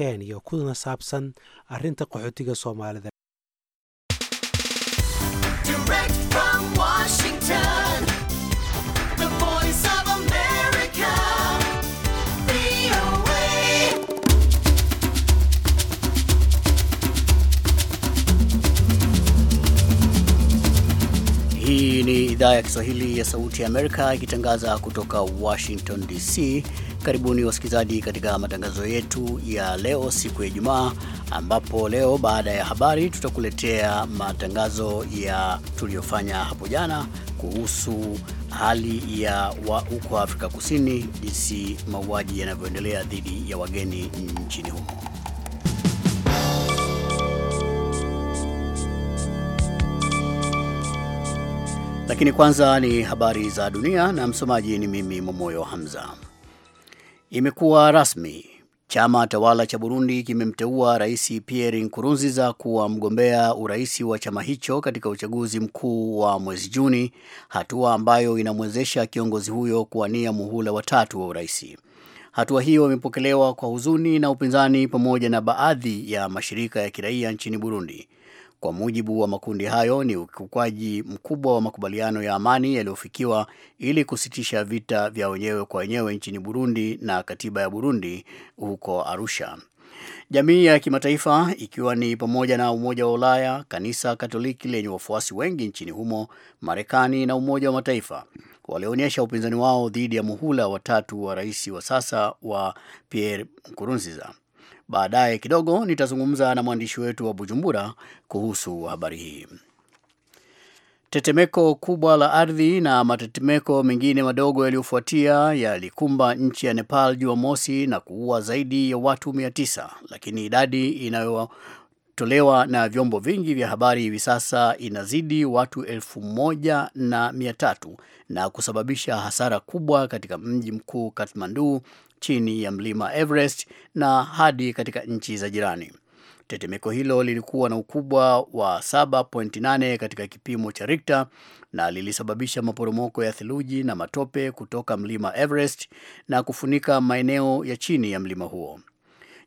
iyo kuna saabsan arinta qaxootiga soomaalida Hii ni idhaa ya Kiswahili ya Sauti ya Amerika ikitangaza kutoka Washington DC. Karibuni wasikilizaji katika matangazo yetu ya leo, siku ya Ijumaa, ambapo leo baada ya habari tutakuletea matangazo ya tuliyofanya hapo jana kuhusu hali ya huko Afrika Kusini, jinsi mauaji yanavyoendelea dhidi ya wageni nchini humo. Lakini kwanza ni habari za dunia na msomaji ni mimi Momoyo Hamza imekuwa rasmi. Chama tawala cha Burundi kimemteua Rais Pierre Nkurunziza kuwa mgombea urais wa chama hicho katika uchaguzi mkuu wa mwezi Juni, hatua ambayo inamwezesha kiongozi huyo kuwania muhula watatu wa urais. Hatua hiyo imepokelewa kwa huzuni na upinzani pamoja na baadhi ya mashirika ya kiraia nchini Burundi. Kwa mujibu wa makundi hayo, ni ukiukwaji mkubwa wa makubaliano ya amani yaliyofikiwa ili kusitisha vita vya wenyewe kwa wenyewe nchini Burundi na katiba ya Burundi huko Arusha. Jamii ya kimataifa ikiwa ni pamoja na Umoja wa Ulaya, Kanisa Katoliki lenye wafuasi wengi nchini humo, Marekani na Umoja wa Mataifa walionyesha upinzani wao dhidi ya muhula watatu wa rais wa sasa wa Pierre Nkurunziza. Baadaye kidogo nitazungumza na mwandishi wetu wa Bujumbura kuhusu habari hii. Tetemeko kubwa la ardhi na matetemeko mengine madogo yaliyofuatia yalikumba nchi ya Nepal Jumamosi na kuua zaidi ya watu 900, lakini idadi inayotolewa na vyombo vingi vya habari hivi sasa inazidi watu 1300 na kusababisha hasara kubwa katika mji mkuu Kathmandu chini ya mlima Everest na hadi katika nchi za jirani. Tetemeko hilo lilikuwa na ukubwa wa 7.8 katika kipimo cha Rikta na lilisababisha maporomoko ya theluji na matope kutoka mlima Everest na kufunika maeneo ya chini ya mlima huo.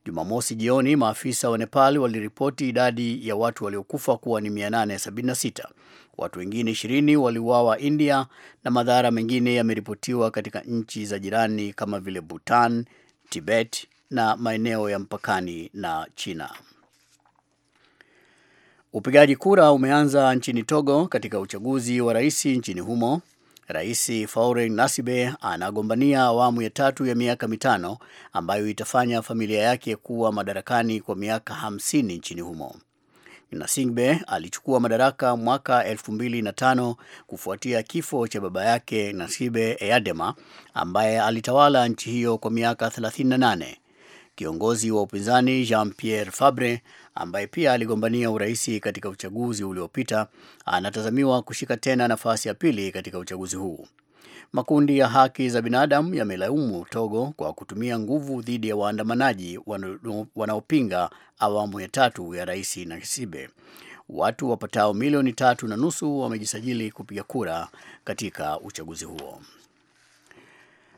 Jumamosi jioni, maafisa wa Nepal waliripoti idadi ya watu waliokufa kuwa ni 876 Watu wengine 20 waliuawa India na madhara mengine yameripotiwa katika nchi za jirani kama vile Bhutan, Tibet na maeneo ya mpakani na China. Upigaji kura umeanza nchini Togo katika uchaguzi wa rais nchini humo. Rais Faure nasibe anagombania awamu ya tatu ya miaka mitano ambayo itafanya familia yake kuwa madarakani kwa miaka hamsini nchini humo. Nasingbe alichukua madaraka mwaka 2005 kufuatia kifo cha baba yake Nasibe Eyadema ambaye alitawala nchi hiyo kwa miaka 38. Kiongozi wa upinzani Jean Pierre Fabre ambaye pia aligombania uraisi katika uchaguzi uliopita anatazamiwa kushika tena nafasi ya pili katika uchaguzi huu. Makundi ya haki za binadamu yamelaumu Togo kwa kutumia nguvu dhidi ya waandamanaji wanaopinga awamu ya tatu ya Rais Nasibe. Watu wapatao milioni tatu na nusu wamejisajili kupiga kura katika uchaguzi huo.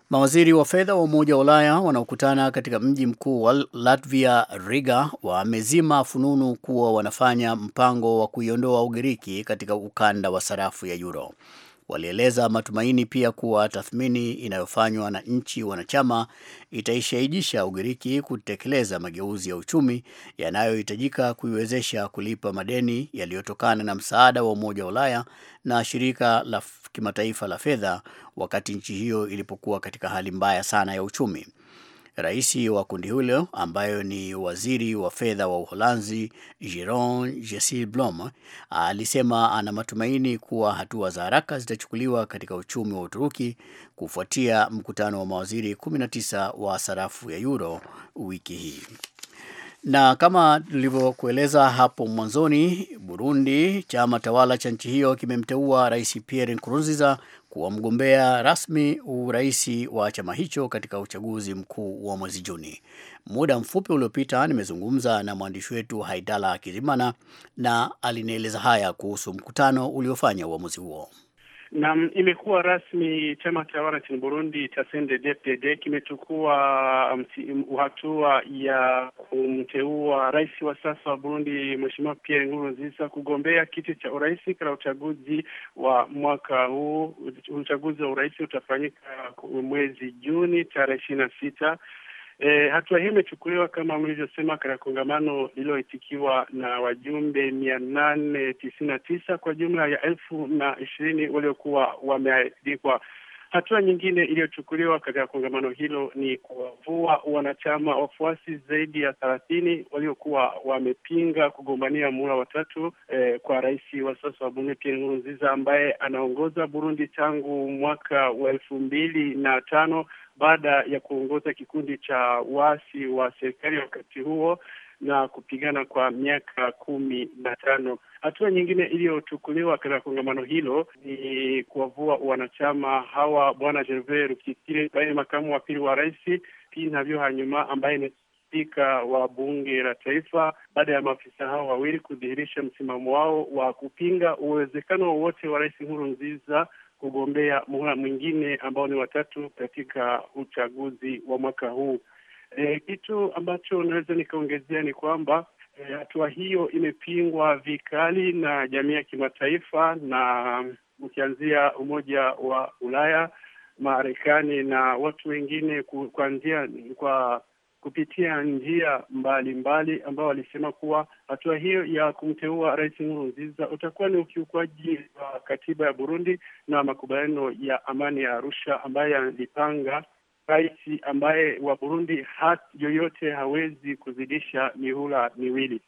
Mawaziri wa fedha wa Umoja wa Ulaya wanaokutana katika mji mkuu wa Latvia, Riga, wamezima fununu kuwa wanafanya mpango wa kuiondoa Ugiriki katika ukanda wa sarafu ya euro. Walieleza matumaini pia kuwa tathmini inayofanywa na nchi wanachama itaishaijisha Ugiriki kutekeleza mageuzi ya uchumi yanayohitajika kuiwezesha kulipa madeni yaliyotokana na msaada wa Umoja wa Ulaya na Shirika la Kimataifa la Fedha wakati nchi hiyo ilipokuwa katika hali mbaya sana ya uchumi. Rais wa kundi hilo ambayo ni waziri wa fedha wa Uholanzi Jeroen blom alisema ana matumaini kuwa hatua za haraka zitachukuliwa katika uchumi wa Uturuki kufuatia mkutano wa mawaziri 19 wa sarafu ya euro wiki hii. Na kama tulivyokueleza hapo mwanzoni, Burundi, chama tawala cha nchi hiyo kimemteua Rais Pierre Nkurunziza kuwa mgombea rasmi urais wa chama hicho katika uchaguzi mkuu wa mwezi Juni. Muda mfupi uliopita nimezungumza na mwandishi wetu Haidala Kizimana na alinieleza haya kuhusu mkutano uliofanya uamuzi huo. Naam, imekuwa rasmi chama tawala nchini Burundi cha CNDD-FDD kimechukua um, um, hatua ya kumteua rais wa sasa wa Burundi Mheshimiwa Pierre Nkurunziza kugombea kiti cha urais katika uchaguzi wa mwaka huu. Uchaguzi wa urais utafanyika mwezi Juni tarehe ishirini na sita E, hatua hii imechukuliwa kama mlivyosema katika kongamano lililoitikiwa na wajumbe mia nane tisini na tisa kwa jumla ya elfu na ishirini waliokuwa wameadikwa Hatua nyingine iliyochukuliwa katika kongamano hilo ni kuwavua wanachama wafuasi zaidi ya thelathini waliokuwa wamepinga kugombania muhula watatu eh, kwa rais wa sasa wa bunge Pierre Nkurunziza ambaye anaongoza Burundi tangu mwaka wa elfu mbili na tano baada ya kuongoza kikundi cha waasi wa serikali wakati huo na kupigana kwa miaka kumi na tano. Hatua nyingine iliyochukuliwa katika kongamano hilo ni kuwavua wanachama hawa Bwana Gervais Rukikire ambaye ni makamu wa pili wa rais, Pinavyo Hanyuma ambaye ni spika wa bunge la taifa, baada ya maafisa hao wawili kudhihirisha msimamo wao wa kupinga uwezekano wowote wa rais Nkurunziza kugombea muhula mwingine ambao ni watatu katika uchaguzi wa mwaka huu. E, kitu ambacho naweza nikaongezea ni kwamba e, hatua e, hiyo imepingwa vikali na jamii ya kimataifa na um, ukianzia Umoja wa Ulaya, Marekani na watu wengine kuanzia kwa kupitia njia mbalimbali, ambao walisema kuwa hatua hiyo ya kumteua Rais Nkurunziza utakuwa ni ukiukwaji wa katiba ya Burundi na makubaliano ya amani ya Arusha ambayo yalipanga rais ambaye wa Burundi hat yoyote hawezi kuzidisha mihula miwili.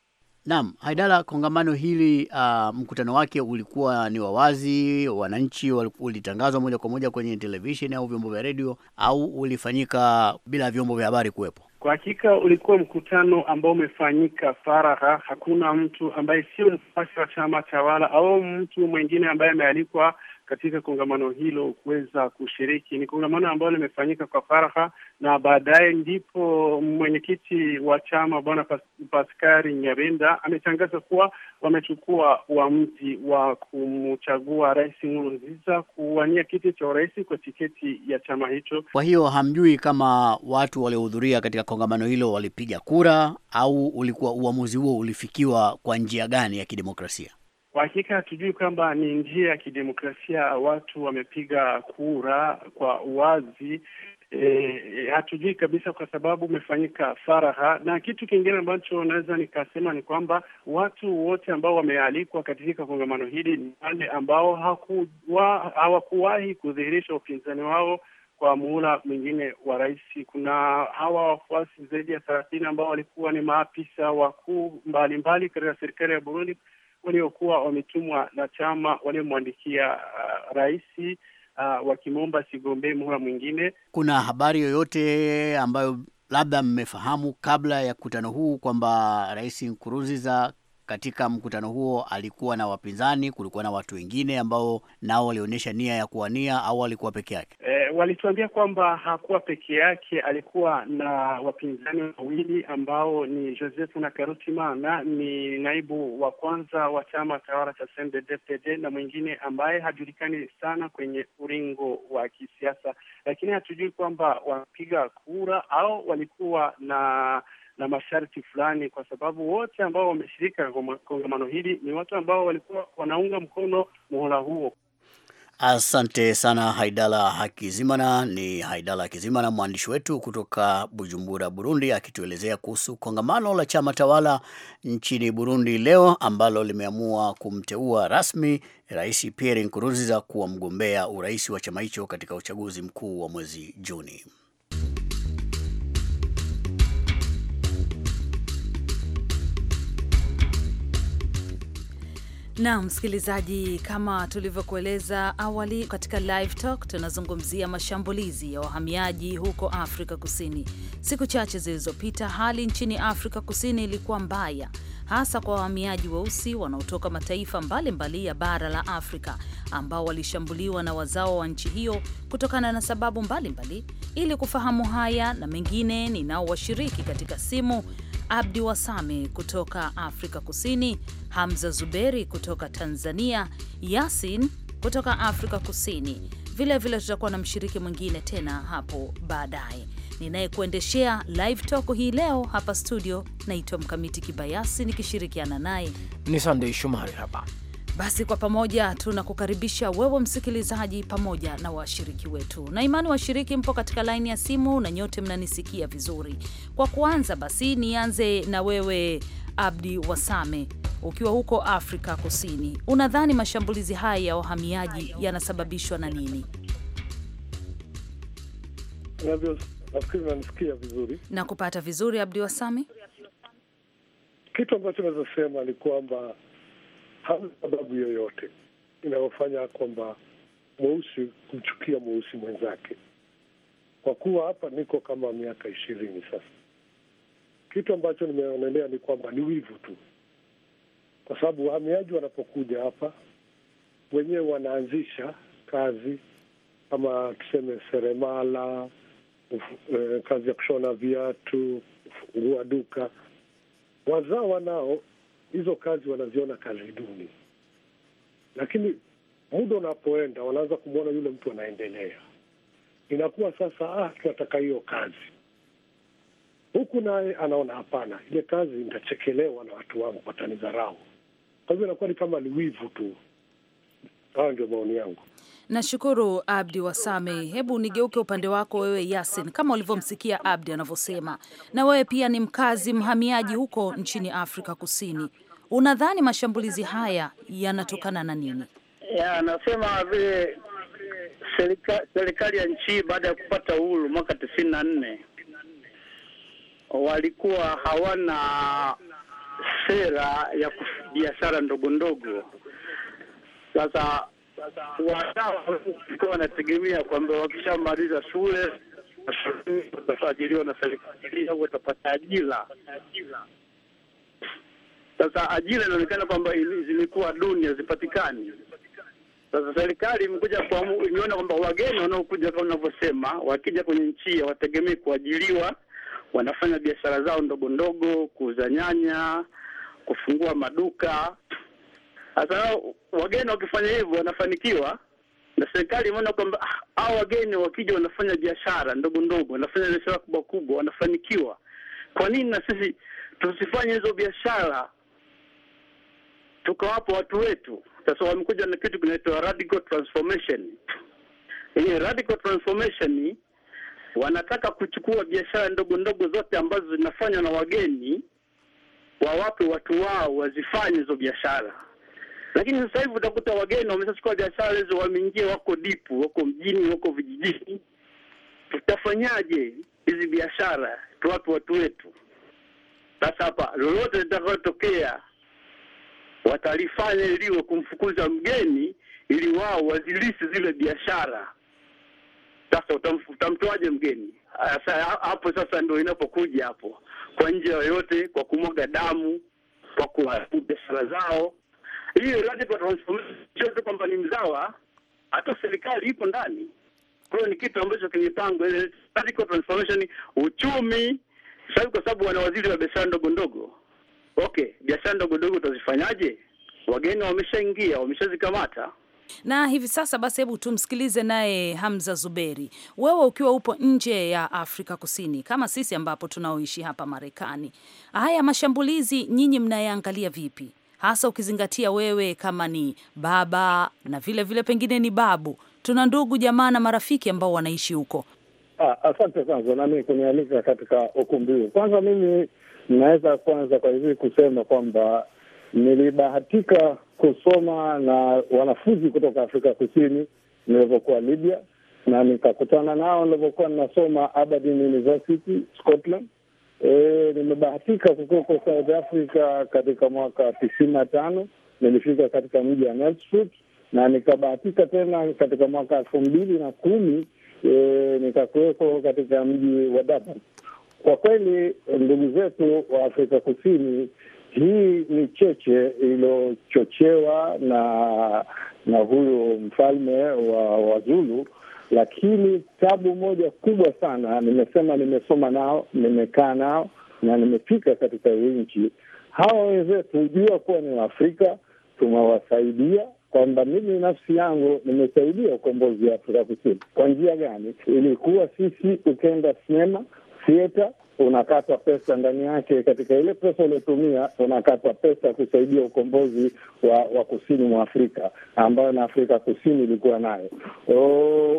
Naam, Haidala, kongamano hili uh, mkutano wake ulikuwa ni wa wazi, wananchi ulitangazwa moja kwa moja kwenye televisheni au vyombo vya redio, au ulifanyika bila vyombo vya habari kuwepo? Kwa hakika ulikuwa mkutano ambao umefanyika faragha. Hakuna mtu ambaye sio mfuasi wa chama tawala au mtu mwingine ambaye amealikwa katika kongamano hilo kuweza kushiriki. Ni kongamano ambalo limefanyika kwa faraha na baadaye ndipo mwenyekiti wa chama bwana Paskari Nyabenda ametangaza kuwa wamechukua uamuzi wa kumchagua Rais Nkurunziza kuwania kiti cha urais kwa tiketi ya chama hicho. Kwa hiyo hamjui kama watu waliohudhuria katika kongamano hilo walipiga kura au ulikuwa uamuzi huo ulifikiwa kwa njia gani ya kidemokrasia? Kwa hakika hatujui kwamba ni njia ya kidemokrasia, watu wamepiga kura kwa uwazi. E, e hatujui kabisa kwa sababu umefanyika faragha. Na kitu kingine ambacho naweza nikasema ni kwamba watu wote ambao wamealikwa katika kongamano hili ni wale ambao hawakuwahi kudhihirisha upinzani wao kwa muhula mwingine wa rais. Kuna hawa wafuasi zaidi ya thelathini ambao walikuwa ni maafisa wakuu mbalimbali katika serikali ya Burundi waliokuwa wametumwa na chama waliomwandikia uh, rais uh, wakimwomba sigombee muhula mwingine. Kuna habari yoyote ambayo labda mmefahamu kabla ya mkutano huu kwamba Rais Nkurunziza katika mkutano huo alikuwa na wapinzani, kulikuwa na watu wengine ambao nao walionyesha nia ya kuwania au alikuwa peke yake? E, walituambia kwamba hakuwa peke yake, alikuwa na wapinzani wawili ambao ni Joseph Nakarutimana, ni naibu wa kwanza wa chama tawala cha CNDD-FDD na mwingine ambaye hajulikani sana kwenye uringo wa kisiasa, lakini hatujui kwamba wapiga kura au walikuwa na na masharti fulani, kwa sababu wote ambao wameshirika kongamano hili ni watu ambao walikuwa wanaunga mkono muhula huo. Asante sana Haidala Hakizimana. Ni Haidala Hakizimana, mwandishi wetu kutoka Bujumbura, Burundi, akituelezea kuhusu kongamano la chama tawala nchini Burundi leo ambalo limeamua kumteua rasmi Rais Pierre Nkurunziza kuwa mgombea urais wa chama hicho katika uchaguzi mkuu wa mwezi Juni. Na msikilizaji, kama tulivyokueleza awali katika live talk, tunazungumzia mashambulizi ya wahamiaji huko Afrika Kusini. Siku chache zilizopita, hali nchini Afrika Kusini ilikuwa mbaya, hasa kwa wahamiaji weusi wanaotoka mataifa mbalimbali mbali ya bara la Afrika ambao walishambuliwa na wazao wa nchi hiyo kutokana na sababu mbalimbali mbali. Ili kufahamu haya na mengine, ninao washiriki katika simu Abdi Wasame kutoka Afrika Kusini, Hamza Zuberi kutoka Tanzania, Yasin kutoka Afrika Kusini. Vilevile tutakuwa na mshiriki mwingine tena hapo baadaye. Ninayekuendeshea live talk hii leo hapa studio naitwa Mkamiti Kibayasi, nikishirikiana naye ni Sandei Shumari hapa basi kwa pamoja tunakukaribisha wewe msikilizaji, pamoja na washiriki wetu, na imani washiriki mpo katika laini ya simu na nyote mnanisikia vizuri. Kwa kuanza, basi nianze na wewe Abdi Wasame ukiwa huko Afrika Kusini, unadhani mashambulizi haya ya wahamiaji yanasababishwa na nini? Nafikiri vizuri na kupata vizuri, Abdi Wasame. Kitu ambacho naweza sema ni kwamba hana sababu yoyote inayofanya kwamba mweusi kumchukia mweusi mwenzake. Kwa kuwa hapa niko kama miaka ishirini sasa, kitu ambacho nimeonelea ni kwamba ni wivu tu, kwa sababu wahamiaji wanapokuja hapa wenyewe wanaanzisha kazi kama tuseme seremala, eh, kazi ya kushona viatu, kufungua duka. Wazawa nao hizo kazi wanaziona kazi duni, lakini muda unapoenda wanaanza kumwona yule mtu anaendelea, inakuwa sasa, ah, tunataka hiyo kazi huku, naye anaona hapana, ile kazi nitachekelewa na watu wangu, watanidharau. Kwa hivyo inakuwa ni kama ni wivu tu. Hayo ndio maoni yangu. Nashukuru Abdi Wasame. Hebu nigeuke upande wako wewe, Yasin. Kama ulivyomsikia Abdi anavyosema, na wewe pia ni mkazi mhamiaji huko nchini Afrika Kusini, unadhani mashambulizi haya yanatokana na nini? Ya, nasema vile serikali selika, ya nchi hii baada ya kupata uhuru mwaka tisini na nne walikuwa hawana sera ya biashara ndogo ndogo sasa wadau walikuwa wanategemea kwamba wakishamaliza shule watasajiliwa na serikali au watapata ajira. Sasa ajira inaonekana kwamba zilikuwa duni, hazipatikani. Sasa serikali imekuja imeona kwamba wageni wanaokuja kama unavyosema, wakija kwenye nchi wategemee kuajiliwa, wanafanya biashara zao ndogo ndogo, kuuza nyanya, kufungua maduka sasa wageni wakifanya hivyo wanafanikiwa, na serikali imeona kwamba ah, hao wageni wakija wanafanya biashara ndogo ndogo, wanafanya biashara kubwa kubwa, wanafanikiwa. Kwa nini na sisi tusifanye hizo biashara tukawapa watu wetu? Sasa wamekuja na kitu kinaitwa radical transformation. Yenye radical transformation wanataka kuchukua biashara ndogo ndogo zote ambazo zinafanywa na wageni, wawape watu wao wazifanye hizo biashara. Lakini sasa hivi utakuta wageni wameshachukua biashara hizo, wameingia, wako dipu, wako mjini, wako vijijini. Tutafanyaje hizi biashara? Tuwape watu wetu. Sasa hapa lolote litakalotokea watalifanya iliwe kumfukuza mgeni ili wao wazilisi zile biashara. Sasa utamtoaje mgeni? hapo sasa ndio inapokuja hapo, kwa njia yoyote, kwa kumwaga damu, kwa kuharibu biashara zao hii United transformation sio tu kwamba ni mzawa, hata serikali ipo ndani. Kwa hiyo ni kitu ambacho kimepangwa ile radical transformation uchumi. Sasa kwa sababu wana waziri wa biashara ndogo ndogo, okay, biashara ndogo ndogo utazifanyaje? Wageni wameshaingia, wameshazikamata na hivi sasa basi, hebu tumsikilize naye Hamza Zuberi. Wewe ukiwa upo nje ya Afrika Kusini kama sisi ambapo tunaoishi hapa Marekani, haya mashambulizi nyinyi mnayaangalia vipi? hasa ukizingatia wewe kama ni baba na vile vile pengine ni babu. Tuna ndugu jamaa na marafiki ambao wanaishi huko. Ah, asante kwanza nami kunialika katika ukumbi huu. Kwanza mimi naweza kwanza kwa hivi kusema kwamba nilibahatika kusoma na wanafunzi kutoka Afrika Kusini nilivyokuwa Libya, na nikakutana nao nilivyokuwa ninasoma Aberdeen University Scotland E, nimebahatika kukuwa kwa South Africa katika mwaka tisini na tano nilifika katika mji wa Nelspruit na nikabahatika tena katika mwaka elfu mbili na kumi e, nikakuweko katika mji wa Durban. Kwa kweli ndugu zetu wa Afrika Kusini, hii ni cheche iliyochochewa na na huyo mfalme wa Wazulu lakini tabu moja kubwa sana nimesema, nimesoma nao, nimekaa nao na nimefika katika hii nchi. Hawa wenzetu jua kuwa ni Waafrika, tumewasaidia kwamba mimi nafsi yangu nimesaidia ukombozi wa Afrika Kusini. Kwa njia gani? Ilikuwa sisi ukenda sinema theater unakatwa pesa ndani yake, katika ile pesa uliotumia unakatwa pesa kusaidia ukombozi wa, wa kusini mwa Afrika ambayo na Afrika Kusini ilikuwa nayo.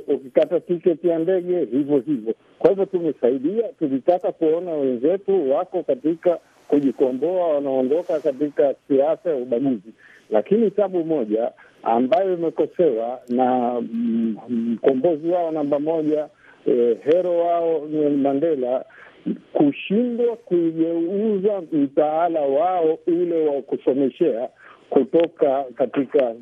Ukikata tiketi ya ndege hivyo hivyo. Kwa hivyo tumesaidia, tulitaka kuona wenzetu wako katika kujikomboa, wanaondoka katika siasa ya ubaguzi, lakini sabu moja ambayo imekosewa na mm, mkombozi wao namba moja eh, hero wao Mandela kushindwa kuigeuza mtaala wao ule wa kusomeshea kutoka katika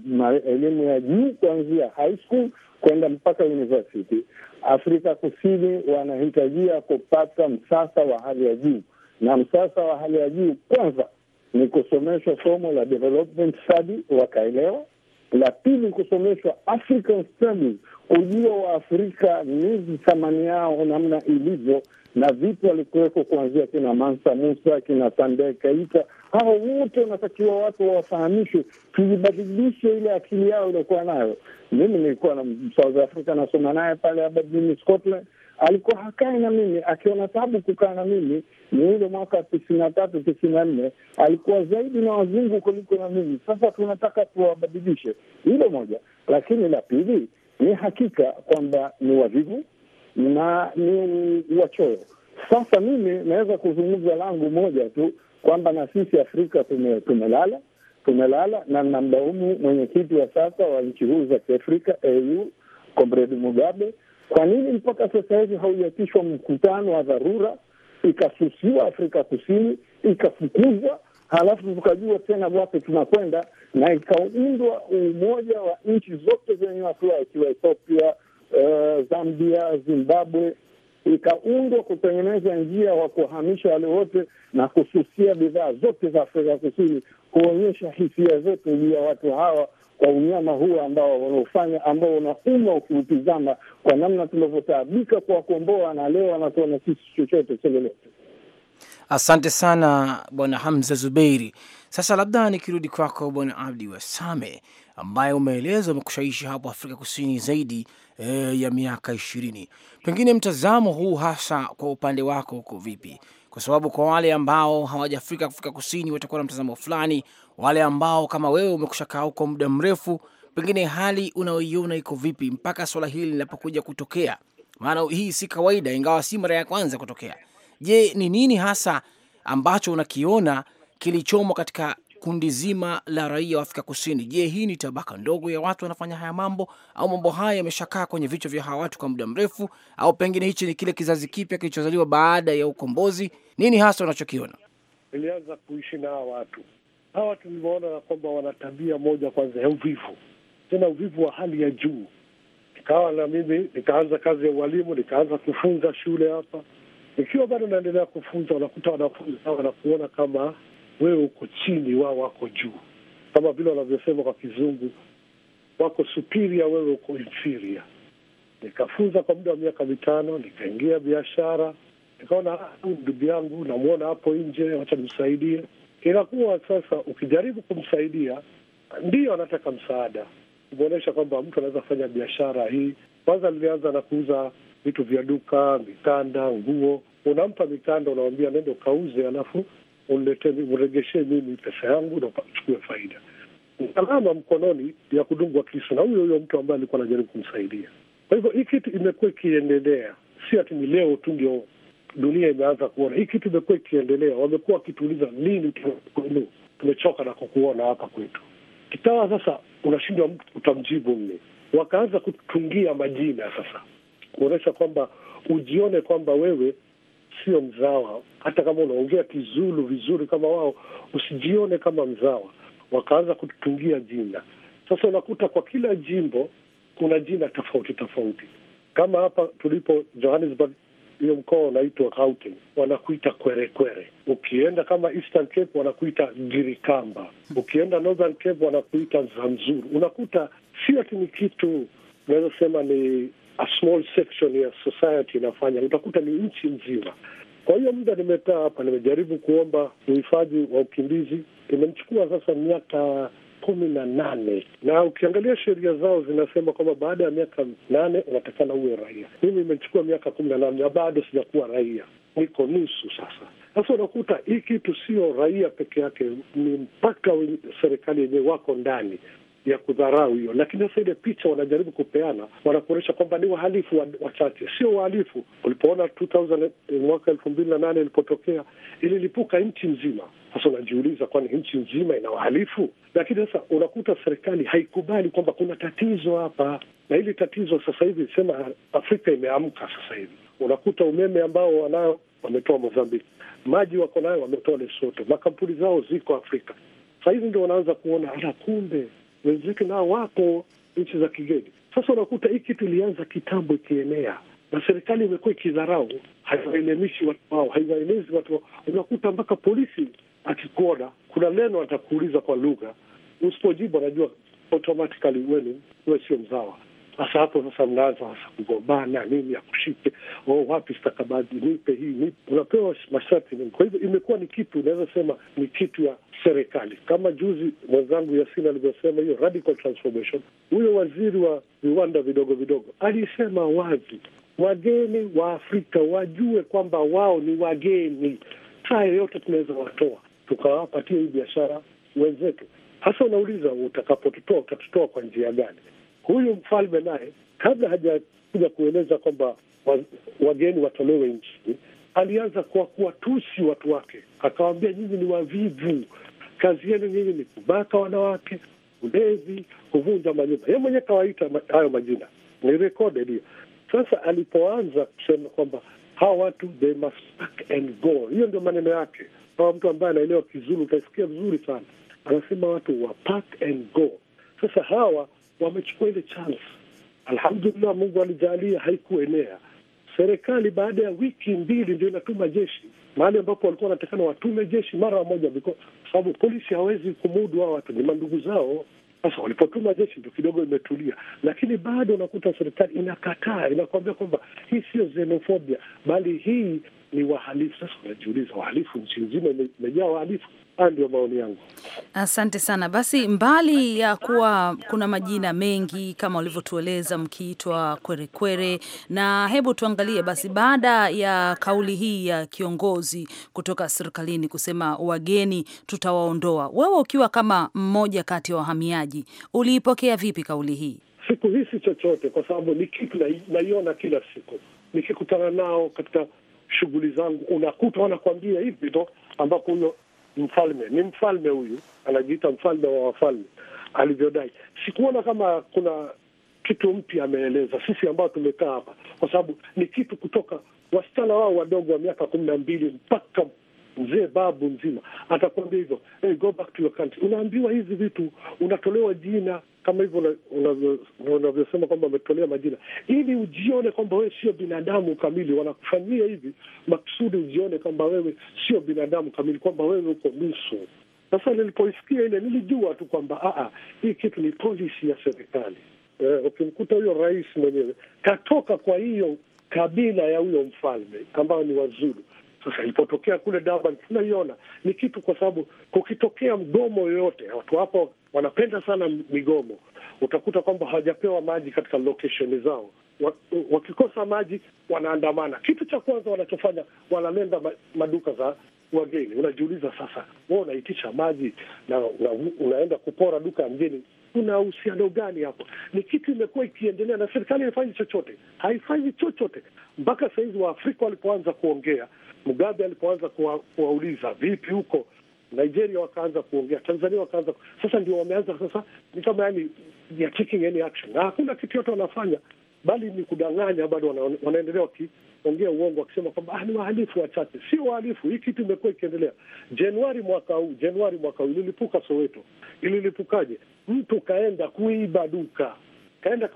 elimu ya juu kuanzia high school kwenda mpaka university. Afrika Kusini wanahitajia kupata msasa wa hali ya juu, na msasa wa hali ya juu kwanza ni kusomeshwa somo la development study, wakaelewa la pili, kusomeshwa African Studies, kujua afrika nizi thamani yao namna ilivyo na vitu walikuweko kuanzia kina Mansa Musa, kina Sandai Kaita, hao wote wanatakiwa watu wawafahamishwe, tuibadilishe ile akili yao iliokuwa nayo. Mimi nilikuwa na South Africa nasoma naye pale Aberdeen, Scotland alikuwa hakai na mimi, akiona tabu kukaa na mimi. Ni ule mwaka tisini na tatu tisini na nne alikuwa zaidi na wazungu kuliko na mimi. Sasa tunataka tuwabadilishe, hilo moja. Lakini la pili ni hakika kwamba ni wavivu na ni wachoyo. Sasa mimi naweza kuzungumza langu moja tu kwamba na sisi Afrika tume, tumelala tumelala, na namlaumu mwenyekiti wa sasa wa nchi huu za Kiafrika au Comrade Mugabe kwa nini mpaka sasa hivi haujaitishwa mkutano wa dharura, ikasusiwa Afrika Kusini, ikafukuzwa, halafu tukajua tena wape tunakwenda, na ikaundwa umoja wa nchi zote zenye mafua, ikiwa Ethiopia, uh, Zambia, Zimbabwe, ikaundwa kutengeneza njia wa kuhamisha wale wote na kususia bidhaa zote za Afrika Kusini, kuonyesha hisia zetu juu ya watu hawa kwa unyama huo ambao wanaofanya ambao unauma ukiutizama kwa namna tunavyotaabika kuwakomboa, na leo na sisi chochote chelolote. Asante sana Bwana Hamza Zubeiri. Sasa labda nikirudi kwako Bwana Abdi Wasame, ambaye umeelezwa umekushaishi hapo Afrika Kusini zaidi e, ya miaka ishirini, pengine mtazamo huu hasa kwa upande wako huko vipi? Kwa sababu kwa wale ambao hawajafika Afrika Kusini watakuwa na mtazamo fulani wale ambao kama wewe umekushakaa huko muda mrefu, pengine hali unaoiona iko vipi mpaka swala hili linapokuja kutokea? Maana hii si kawaida, ingawa si mara ya kwanza kutokea. Je, ni nini hasa ambacho unakiona kilichomo katika kundi zima la raia wa Afrika Kusini? Je, hii ni tabaka ndogo ya watu wanafanya haya mambo, au mambo haya yameshakaa kwenye vichwa vya hawa watu kwa muda mrefu, au pengine hichi ni kile kizazi kipya kilichozaliwa baada ya ukombozi? Nini hasa unachokiona? Ilianza kuishi na hawa watu hawa tulivyoona kwamba wana tabia moja kwanza ya uvivu, tena uvivu wa hali ya juu. Nikawa na mimi nikaanza kazi ya ualimu, nikaanza kufunza shule hapa. Nikiwa bado naendelea kufunza, wanakuta wanafunzi hawa wanakuona kama wewe uko chini, wao wako juu, kama vile wanavyosema kwa Kizungu, wako superior, wewe uko inferior. Nikafunza kwa muda wa miaka mitano, nikaingia biashara, nikaona ah, ndugu yangu namwona hapo nje, wacha nimsaidie inakuwa sasa, ukijaribu kumsaidia, ndiyo anataka msaada, kumwonyesha kwamba mtu anaweza kufanya biashara hii. Kwanza nilianza na kuuza vitu vya duka, mikanda, nguo. Unampa mikanda, unamwambia nende ukauze, alafu uniletee, mimi pesa yangu na uchukue faida. Alama mkononi ya kudungwa kisu na huyo huyo mtu ambaye alikuwa anajaribu kumsaidia. Kwa hivyo hii kitu imekuwa ikiendelea, si ati ni leo tu ndio dunia imeanza kuona hii kitu imekuwa ikiendelea. Wamekuwa wakituuliza lini kwenu, tumechoka na kukuona hapa kwetu. Kitawa sasa unashindwa mtu utamjibu nini? Wakaanza kutungia majina sasa, kuonyesha kwamba ujione kwamba wewe sio mzawa. Hata kama unaongea Kizulu vizuri kama wao, usijione kama mzawa. Wakaanza kututungia jina. Sasa unakuta kwa kila jimbo kuna jina tofauti tofauti. Kama hapa tulipo Johannesburg hiyo mkoa unaitwa Gauteng, wanakuita Kwerekwere. Ukienda kama Eastern Cape wanakuita Girikamba, ukienda Northern Cape wanakuita Zamzuru. Unakuta sio ati ni kitu unaweza sema ni a small section ya society inafanya, utakuta ni nchi nzima. Kwa hiyo muda nimekaa hapa, nimejaribu kuomba uhifadhi wa ukimbizi, imemchukua sasa miaka kumi na nane na ukiangalia sheria zao zinasema kwamba baada ya miaka nane unatakana uwe raia. Mimi imechukua miaka kumi na nane na bado sijakuwa raia, niko nusu sasa. Sasa unakuta hii kitu sio raia peke yake, ni mpaka serikali yenyewe wako ndani ya kudharau hiyo. Lakini sasa ile picha wanajaribu kupeana, wanakuonyesha kwamba ni wahalifu wachache, sio wahalifu. Ulipoona eh, mwaka elfu mbili na nane ilipotokea ililipuka nchi nzima. Sasa unajiuliza, kwani nchi nzima ina wahalifu? Lakini sasa unakuta serikali haikubali kwamba kuna tatizo hapa, na hili tatizo sasa hivi sema Afrika imeamka sasa hivi, unakuta umeme ambao wanao wametoa Mozambiki, maji wako nayo wametoa Lesoto, makampuni zao ziko Afrika. hizi ndio wanaanza kuona ala, kumbe wenzetu nao wako nchi za kigeni. Sasa unakuta hii kitu ilianza kitambo ikienea na serikali imekuwa ikidharau, haiwaelemishi watu wao, haiwaelezi watu wao. Unakuta mpaka polisi akikuona, kuna neno atakuuliza kwa lugha, usipojibu anajua automatically wewe sio mzawa. Sasa hapo sasa mnaanza sasa kugombana nini, akushike oh, wapi stakabadhi, nipe hii nipe, unapewa masharti mengi. Kwa hivyo imekuwa ni kitu unaweza sema ni kitu ya serikali. Kama juzi mwenzangu Yasin alivyosema hiyo radical transformation, huyo waziri wa viwanda vidogo vidogo alisema wazi wageni wa Afrika wajue kwamba wao ni wageni, saa yote tunaweza watoa tukawapatia hii biashara wenzetu Hasa unauliza utakapotutoa utatutoa kwa njia gani? Huyu mfalme naye kabla hajakuja kueleza kwamba wageni watolewe nchini, alianza kwa kuwatusi watu wake, akawaambia nyinyi ni wavivu, kazi yenu nyinyi ni kubaka wanawake, ulezi, kuvunja manyumba. Ye mwenyewe kawaita hayo majina, ni recorded hiyo. Sasa alipoanza kusema kwamba hawa watu they must pack and go, hiyo ndio maneno yake. Kama mtu ambaye anaelewa Kizulu utaisikia vizuri sana, anasema watu wa pack and go. Sasa hawa wamechukua ile chance, alhamdulillah, Mungu alijalia haikuenea. Serikali baada ya wiki mbili ndio inatuma jeshi mahali ambapo walikuwa wanatakana watume jeshi mara moja, kwa sababu polisi hawezi kumudu hao watu, ni mandugu zao. Sasa walipotuma jeshi ndo kidogo imetulia, lakini bado unakuta serikali inakataa, inakuambia kwamba hii sio xenofobia, bali hii ni wahalifu. Sasa unajiuliza wahalifu, nchi nzima imejaa wahalifu. Haya ndio maoni yangu, asante sana. Basi, mbali ya kuwa kuna majina mengi kama ulivyotueleza, mkiitwa kwerekwere, na hebu tuangalie basi, baada ya kauli hii ya kiongozi kutoka serikalini kusema wageni tutawaondoa, wewe ukiwa kama mmoja kati ya wahamiaji, uliipokea vipi kauli hii? Sikuhisi chochote kwa sababu ni kitu naiona kila siku nikikutana nao katika shughuli zangu, unakuta wanakwambia hivi ndo ambapo huyo mfalme ni mfalme huyu anajiita mfalme wa wafalme alivyodai. Sikuona kama kuna kitu mpya ameeleza sisi ambao tumekaa hapa, kwa sababu ni kitu kutoka wasichana wao wadogo wa miaka kumi na mbili mpaka mzee babu mzima atakwambia hivyo, hey, go back to your country. Unaambiwa hizi vitu, unatolewa jina kama hivyo unavyosema kwamba umetolea majina ili ujione kwamba wewe sio binadamu kamili. Wanakufanyia hivi maksudi ujione kwamba wewe sio binadamu kamili, kwamba wewe uko nusu. Sasa nilipoisikia ile, nilijua tu kwamba ah, ah, hii kitu ni polisi ya serikali. Eh, ukimkuta eh, huyo rais mwenyewe katoka kwa hiyo kabila ya huyo mfalme ambayo ni Wazulu, sasa ilipotokea kule Durban, tunaiona ni kitu, kwa sababu kukitokea mgomo yoyote, watu hapo wanapenda sana migomo, utakuta kwamba hawajapewa maji katika location zao wakikosa maji wanaandamana. Kitu cha kwanza wanachofanya wanalenda maduka za wageni. Unajiuliza sasa, we unaitisha maji na una, unaenda kupora duka ya mgeni, kuna uhusiano gani hapo? Ni kitu imekuwa ikiendelea na serikali haifanyi chochote, haifanyi chochote mpaka sahizi Waafrika walipoanza kuongea Mugabe alipoanza kuwauliza vipi huko Nigeria, wakaanza kuongea, Tanzania wakaanza sasa, ndio wameanza sasa, ni kama yani ya taking any action, na hakuna kitu yote wanafanya, bali ni kudanganya, bado wana, wanaendelea wakiongea uongo, wakisema kwamba ah, ni wahalifu wachache. Sio wahalifu, hii kitu imekuwa ikiendelea. Januari mwaka huu, Januari mwaka huu ililipuka Soweto. Ililipukaje? Mtu kaenda kuiba duka, kaenda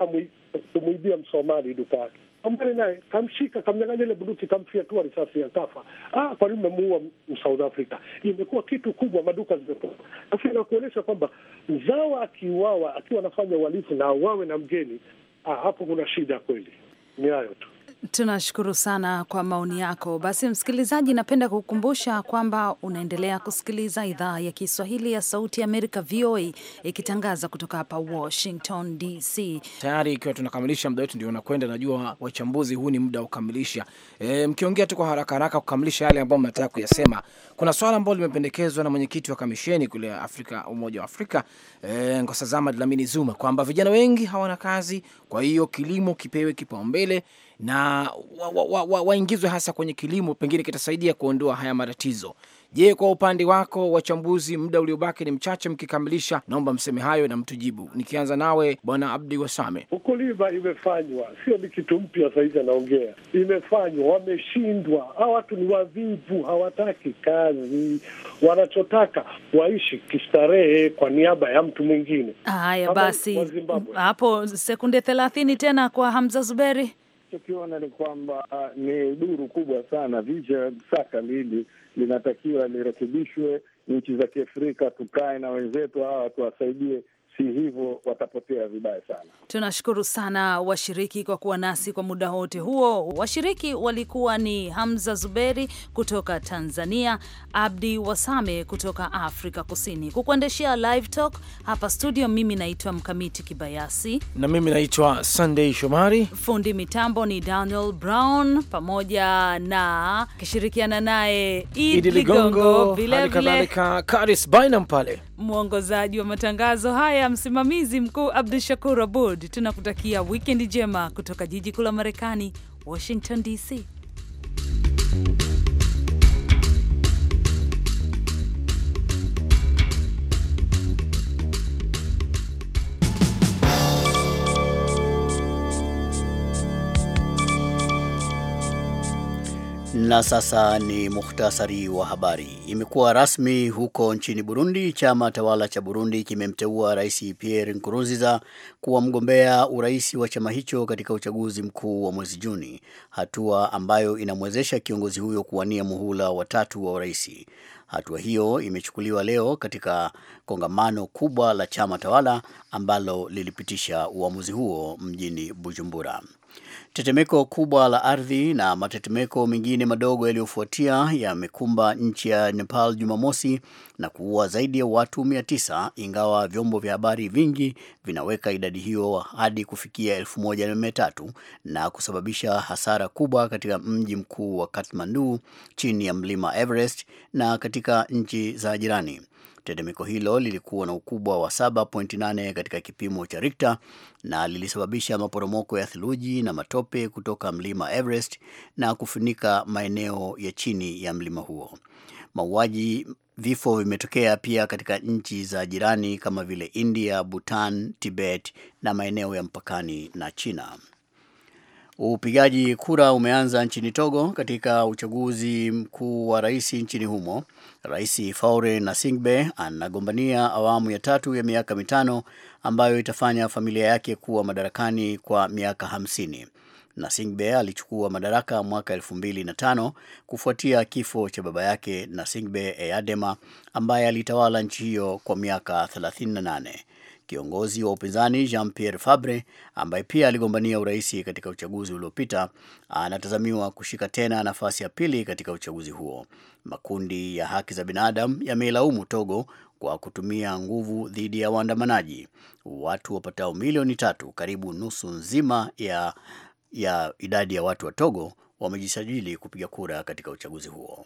kumwibia Msomali duka yake ambali naye kamshika, kamnyang'anya ile bunduki, kamfiatua risasi ya kafa. Ah, kwa nini umemuua Msouth Africa? Imekuwa kitu kubwa, maduka zimepoa. Sasa inakuonyesha kwamba mzawa akiuawa, akiwa anafanya uhalifu na auawe na mgeni, ah, hapo kuna shida kweli. Ni hayo tu. Tunashukuru sana kwa maoni yako. Basi msikilizaji, napenda kukumbusha kwamba unaendelea kusikiliza idhaa ya Kiswahili ya Sauti ya Amerika, VOA, ikitangaza kutoka hapa Washington DC. Tayari ikiwa tunakamilisha muda wetu, ndio unakwenda. Najua wachambuzi, huu ni muda wa kukamilisha. E, mkiongea tu kwa haraka haraka kukamilisha yale ambayo mnataka kuyasema, kuna swala ambalo limependekezwa na mwenyekiti wa kamisheni kule Afrika, Umoja wa Afrika, e, Nkosazana Dlamini Zuma, kwamba vijana wengi hawana kazi, kwa hiyo kilimo kipewe kipaumbele na waingizwe wa, wa, wa hasa kwenye kilimo, pengine kitasaidia kuondoa haya matatizo. Je, kwa upande wako wachambuzi, muda uliobaki ni mchache, mkikamilisha, naomba mseme hayo na mtujibu. Nikianza nawe Bwana Abdi Wasame. Ukulima imefanywa, sio ni kitu mpya sahizi, anaongea imefanywa, wameshindwa. Hawa watu ni wavivu, hawataki kazi, wanachotaka waishi kistarehe kwa niaba ya mtu mwingine. Haya basi, hapo sekunde thelathini tena kwa Hamza Zuberi nachokiona ni kwamba uh, ni duru kubwa sana. vija saka lili linatakiwa lirekebishwe. Nchi za Kiafrika tukae na wenzetu hawa, tuwasaidie si hivyo watapotea vibaya sana. Tunashukuru sana washiriki kwa kuwa nasi kwa muda wote huo. Washiriki walikuwa ni Hamza Zuberi kutoka Tanzania, Abdi Wasame kutoka Afrika Kusini. Kukuendeshea live talk hapa studio, mimi naitwa Mkamiti Kibayasi na mimi naitwa Sunday Shomari. Fundi mitambo ni Daniel Brown, pamoja na kishirikiana naye Idi Ligongo, vilevile Karis pale mwongozaji wa matangazo haya, msimamizi mkuu Abdu Shakur Abud. Tunakutakia wikendi njema kutoka jiji kuu la Marekani, Washington DC. Na sasa ni muhtasari wa habari. Imekuwa rasmi huko nchini Burundi, chama tawala cha Burundi kimemteua Rais Pierre Nkurunziza kuwa mgombea urais wa chama hicho katika uchaguzi mkuu wa mwezi Juni, hatua ambayo inamwezesha kiongozi huyo kuwania muhula wa tatu wa urais. Hatua hiyo imechukuliwa leo katika kongamano kubwa la chama tawala ambalo lilipitisha uamuzi huo mjini Bujumbura. Tetemeko kubwa la ardhi na matetemeko mengine madogo yaliyofuatia yamekumba nchi ya Nepal Jumamosi na kuua zaidi ya watu a9 ingawa vyombo vya habari vingi vinaweka idadi hiyo hadi kufikia 1300 na kusababisha hasara kubwa katika mji mkuu wa Kathmandu chini ya mlima Everest na katika nchi za jirani. Tetemeko hilo lilikuwa na ukubwa wa 7.8 katika kipimo cha rikta na lilisababisha maporomoko ya theluji na matope kutoka mlima Everest na kufunika maeneo ya chini ya mlima huo. Mauaji Vifo vimetokea pia katika nchi za jirani kama vile India, Bhutan, Tibet na maeneo ya mpakani na China. Upigaji kura umeanza nchini Togo katika uchaguzi mkuu wa rais nchini humo Rais Faure Nasingbe anagombania awamu ya tatu ya miaka mitano ambayo itafanya familia yake kuwa madarakani kwa miaka hamsini. Nasingbe alichukua madaraka mwaka elfu mbili na tano kufuatia kifo cha baba yake Nasingbe Eyadema ambaye alitawala nchi hiyo kwa miaka nane kiongozi wa upinzani Jean Pierre Fabre ambaye pia aligombania urais katika uchaguzi uliopita anatazamiwa kushika tena nafasi ya pili katika uchaguzi huo. Makundi ya haki za binadamu yameilaumu Togo kwa kutumia nguvu dhidi ya waandamanaji. Watu wapatao milioni tatu, karibu nusu nzima ya, ya idadi ya watu wa Togo wamejisajili kupiga kura katika uchaguzi huo.